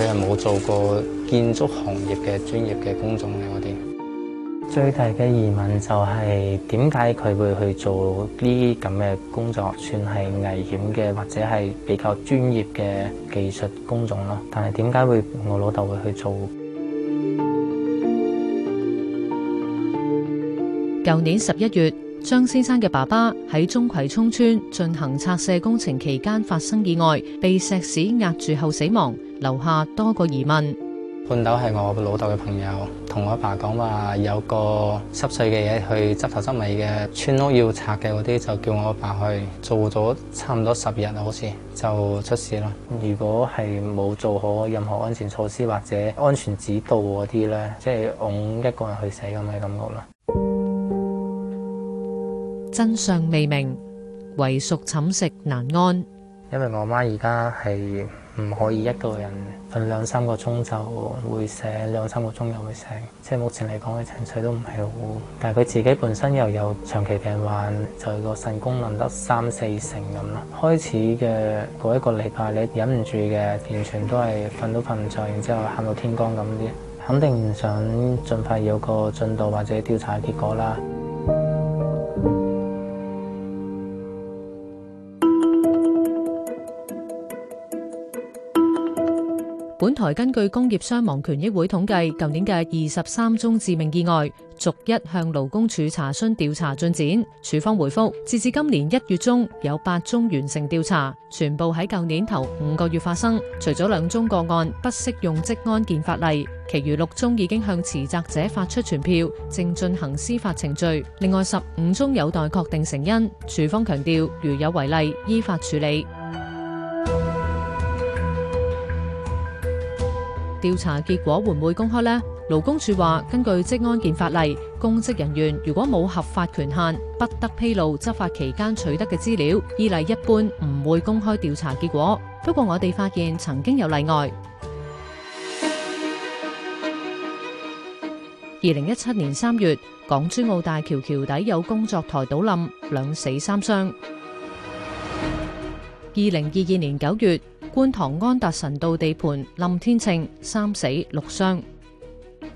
佢係冇做過建築行業嘅專業嘅工種嘅，我哋最大嘅疑問就係點解佢會去做啲咁嘅工作，算係危險嘅或者係比較專業嘅技術工種咯？但係點解會我老豆會去做？舊年十一月。張先生嘅爸爸喺中葵涌村進行拆卸工程期間發生意外，被石屎壓住後死亡，留下多個疑問。判頭係我老豆嘅朋友，同我阿爸講話有個濕碎嘅嘢，去執頭執尾嘅村屋要拆嘅嗰啲，就叫我阿爸去做咗差唔多十日啊，好似就出事啦。如果係冇做好任何安全措施或者安全指導嗰啲咧，即係我一個人去死咁嘅感覺啦。真相未明，唯屬寢食難安。因為我媽而家係唔可以一個人瞓，兩三個鐘就會醒，兩三個鐘又會醒。即係目前嚟講嘅情緒都唔係好，但係佢自己本身又有長期病患，就個腎功能得三四成咁咯。開始嘅嗰一個禮拜，你忍唔住嘅，完全都係瞓都瞓唔着，然之後喊到天光咁啲。肯定唔想盡快有個進度或者調查結果啦。本台根據工業傷亡權益會統計，舊年嘅二十三宗致命意外，逐一向勞工處查詢調查進展。處方回覆：截至今年一月中，有八宗完成調查，全部喺舊年頭五個月發生。除咗兩宗個案不適用職安健法例，其餘六宗已經向持責者發出傳票，正進行司法程序。另外十五宗有待確定成因。處方強調，如有違例，依法處理。調查結果會唔會公開呢？勞工處話，根據職安健法例，公職人員如果冇合法權限，不得披露執法期間取得嘅資料。依例一般唔會公開調查結果。不過我哋發現曾經有例外。二零一七年三月，港珠澳大橋橋底有工作台倒冧，兩死三傷。二零二二年九月，觀塘安達臣道地盤，冧天秤三死六傷。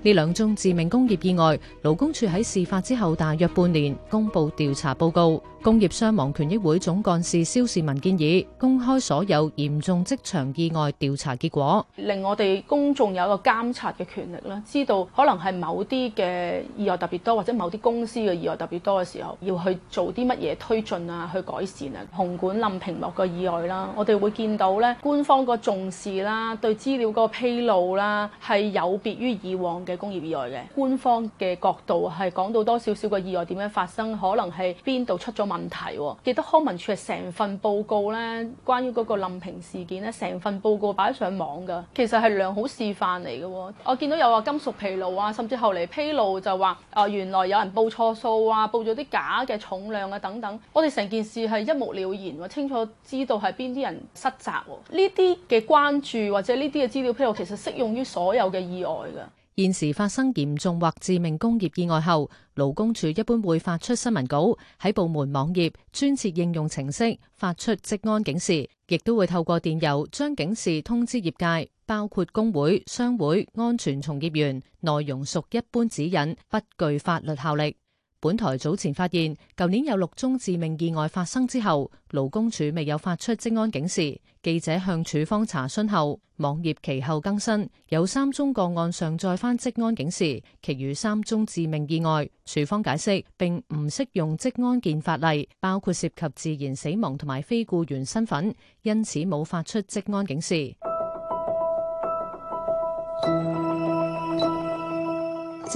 呢兩宗致命工業意外，勞工處喺事發之後大約半年公布調查報告。工業傷亡權益會總幹事蕭市民建議公開所有嚴重職場意外調查結果，令我哋公眾有一個監察嘅權力啦，知道可能係某啲嘅意外特別多，或者某啲公司嘅意外特別多嘅時候，要去做啲乜嘢推進啊，去改善啊。紅館冧屏幕嘅意外啦，我哋會見到咧，官方個重視啦，對資料個披露啦，係有別於以往嘅工業意外嘅。官方嘅角度係講到多少少嘅意外點樣發生，可能係邊度出咗問題。問題喎，記得康文署係成份報告呢，關於嗰個冧屏事件咧，成份報告擺咗上網嘅，其實係良好示範嚟嘅。我見到有話金屬疲勞啊，甚至後嚟披露就話，啊、哦、原來有人報錯數啊，報咗啲假嘅重量啊等等。我哋成件事係一目了然，清楚知道係邊啲人失責。呢啲嘅關注或者呢啲嘅資料披露，其實適用於所有嘅意外㗎。現時發生嚴重或致命工業意外後，勞工處一般會發出新聞稿，喺部門網頁專設應用程式發出職安警示，亦都會透過電郵將警示通知業界，包括工會、商會、安全從業員。內容屬一般指引，不具法律效力。本台早前發現，舊年有六宗致命意外發生之後，勞工處未有發出職安警示。記者向處方查詢後，網頁其後更新，有三宗個案上載翻職安警示，其餘三宗致命意外，處方解釋並唔適用職安健法例，包括涉及自然死亡同埋非僱員身份，因此冇發出職安警示。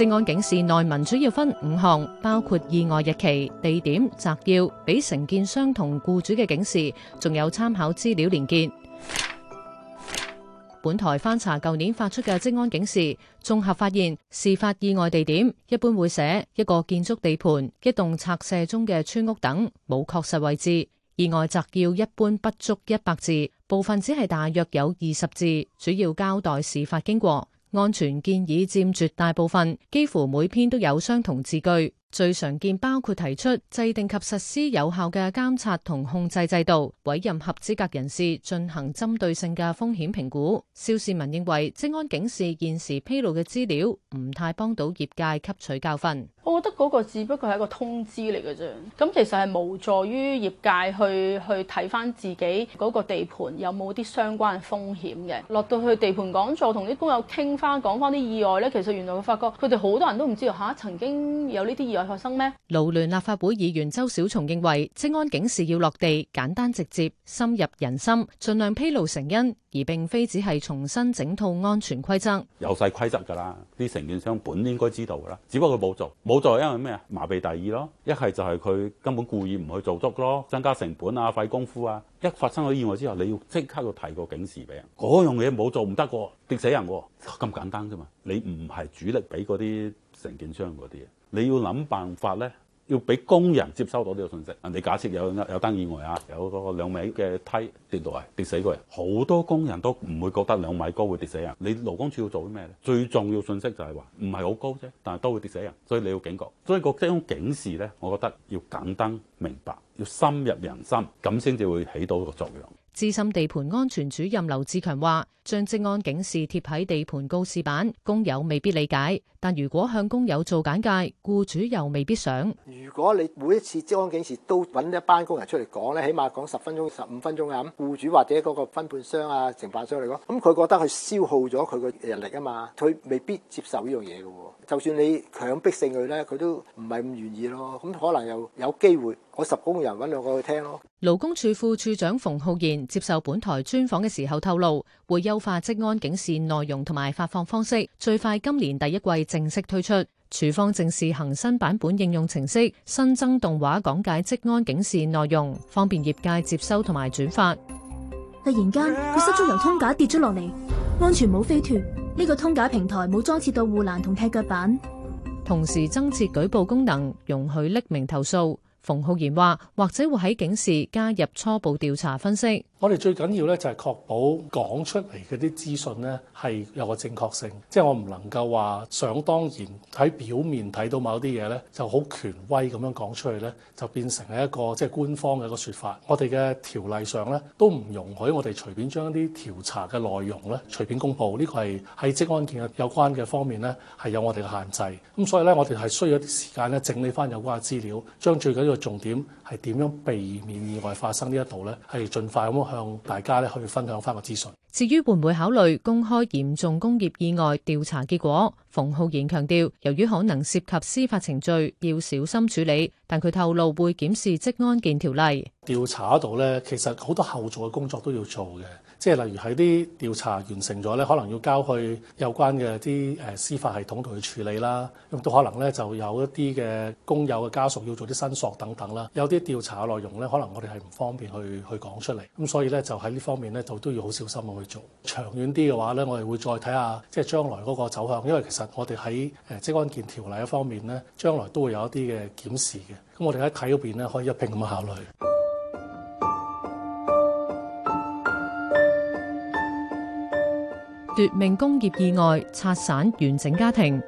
職安警示內文主要分五項，包括意外日期、地點、摘要，比承建商同僱主嘅警示，仲有參考資料連結。本台翻查舊年發出嘅職安警示，綜合發現，事發意外地點一般會寫一個建築地盤、一棟拆卸中嘅村屋等，冇確實位置。意外摘要一般不足一百字，部分只係大約有二十字，主要交代事發經過。安全建議佔絕大部分，幾乎每篇都有相同字句。最常見包括提出制定及實施有效嘅監察同控制制度，委任合資格人士進行針對性嘅風險評估。蕭倩文認為，職安警示現時披露嘅資料唔太幫到業界吸取教訓。我覺得嗰個只不過係一個通知嚟嘅啫，咁其實係無助於業界去去睇翻自己嗰個地盤有冇啲相關風險嘅。落到去地盤講座，同啲工友傾翻，講翻啲意外咧，其實原來我發覺佢哋好多人都唔知道吓、啊，曾經有呢啲意外。大學生咩？勞聯立法會議員周小松，認為職安警示要落地、簡單直接、深入人心、盡量披露成因，而並非只係重新整套安全規則。有晒規則噶啦，啲承建商本應該知道噶啦，只不過佢冇做冇做，係因為咩啊，麻痹大意咯。一係就係佢根本故意唔去做足咯，增加成本啊，費功夫啊。一發生咗意外之後，你要即刻要提個警示俾人，嗰樣嘢，冇做唔得個，跌死人咁簡單啫嘛。你唔係主力俾嗰啲承建商嗰啲。你要諗辦法咧，要俾工人接收到呢個信息。你假設有有單意外啊，有嗰個兩米嘅梯跌落嚟，跌死個人，好多工人都唔會覺得兩米高會跌死人。你勞工處要做啲咩咧？最重要信息就係話，唔係好高啫，但係都會跌死人，所以你要警覺。所以個即係警示咧，我覺得要簡單明白。要深入人心，咁先至會起到個作用。資深地盤安全主任劉志強話：將職安警示貼喺地盤告示板，工友未必理解；但如果向工友做簡介，僱主又未必想。如果你每一次職安警示都搵一班工人出嚟講咧，起碼講十分鐘、十五分鐘咁，僱主或者嗰個分判商啊、承辦商嚟講，咁佢覺得佢消耗咗佢嘅人力啊嘛，佢未必接受呢樣嘢㗎。就算你強迫性佢咧，佢都唔係咁願意咯。咁可能又有機會。攞十工人揾兩個去聽咯。勞工處副處長馮浩然接受本台專訪嘅時候透露，會優化職安警示內容同埋發放方式，最快今年第一季正式推出。處方正試行新版本應用程式，新增動畫講解職安警示內容，方便業界接收同埋轉發。突然間，佢失足由通架跌咗落嚟，安全帽飛脫。呢個通架平台冇裝設到護欄同踢腳板，同時增設舉報功能，容許匿名投訴。馮浩然話，或者會喺警示加入初步調查分析。我哋最緊要咧就係確保講出嚟嗰啲資訊咧係有個正確性，即係我唔能夠話想當然喺表面睇到某啲嘢咧就好權威咁樣講出去咧，就變成係一個即係官方嘅一個説法。我哋嘅條例上咧都唔容許我哋隨便將啲調查嘅內容咧隨便公佈，呢個係喺職安健有關嘅方面咧係有我哋嘅限制。咁所以咧我哋係需要一啲時間咧整理翻有關嘅資料，將最緊要重點。係點樣避免意外發生呢一度呢，係盡快咁向大家咧去分享翻個資訊。至於會唔會考慮公開嚴重工業意外調查結果？馮浩然強調，由於可能涉及司法程序，要小心處理。但佢透露會檢視職安健條例。調查嗰度咧，其實好多後續嘅工作都要做嘅。即係例如喺啲調查完成咗咧，可能要交去有關嘅啲誒司法系統同去處理啦，咁都可能咧就有一啲嘅工友嘅家屬要做啲申索等等啦。有啲調查內容咧，可能我哋係唔方便去去講出嚟，咁所以咧就喺呢方面咧就都要好小心咁去做。長遠啲嘅話咧，我哋會再睇下即係將來嗰個走向，因為其實我哋喺誒職安健條例一方面咧，將來都會有一啲嘅檢視嘅。咁我哋喺睇嗰邊咧，可以一拼咁樣考慮。奪命工業意外拆散完整家庭，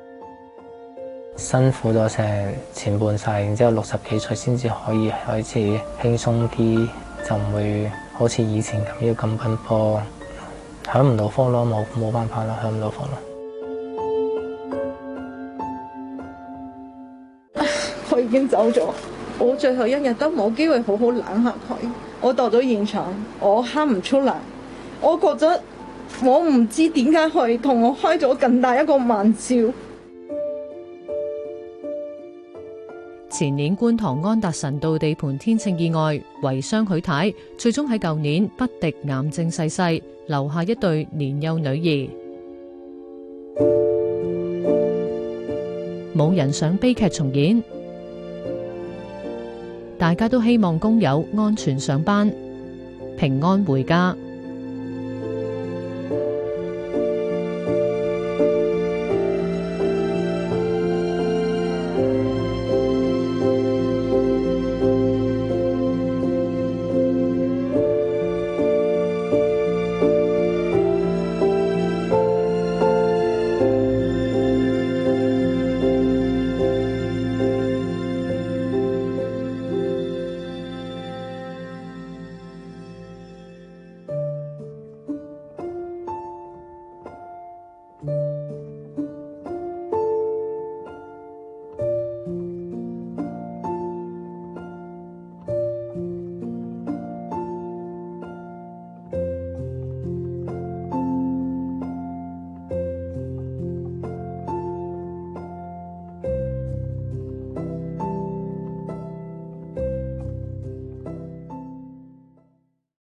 辛苦咗成前半世，然之後六十幾歲先至可以開始輕鬆啲，就唔會好似以前咁要咁奔波，享唔到福咯，冇冇辦法啦，享唔到福咯。我已經走咗，我最後一日都冇機會好好攬下佢，我到咗現場，我喊唔出嚟，我覺得。我唔知點解佢同我開咗咁大一個玩笑。前年觀塘安達臣道地盤天秤意外，遺孀許太最終喺舊年不敵癌症逝世，留下一對年幼女兒。冇人想悲劇重演，大家都希望工友安全上班，平安回家。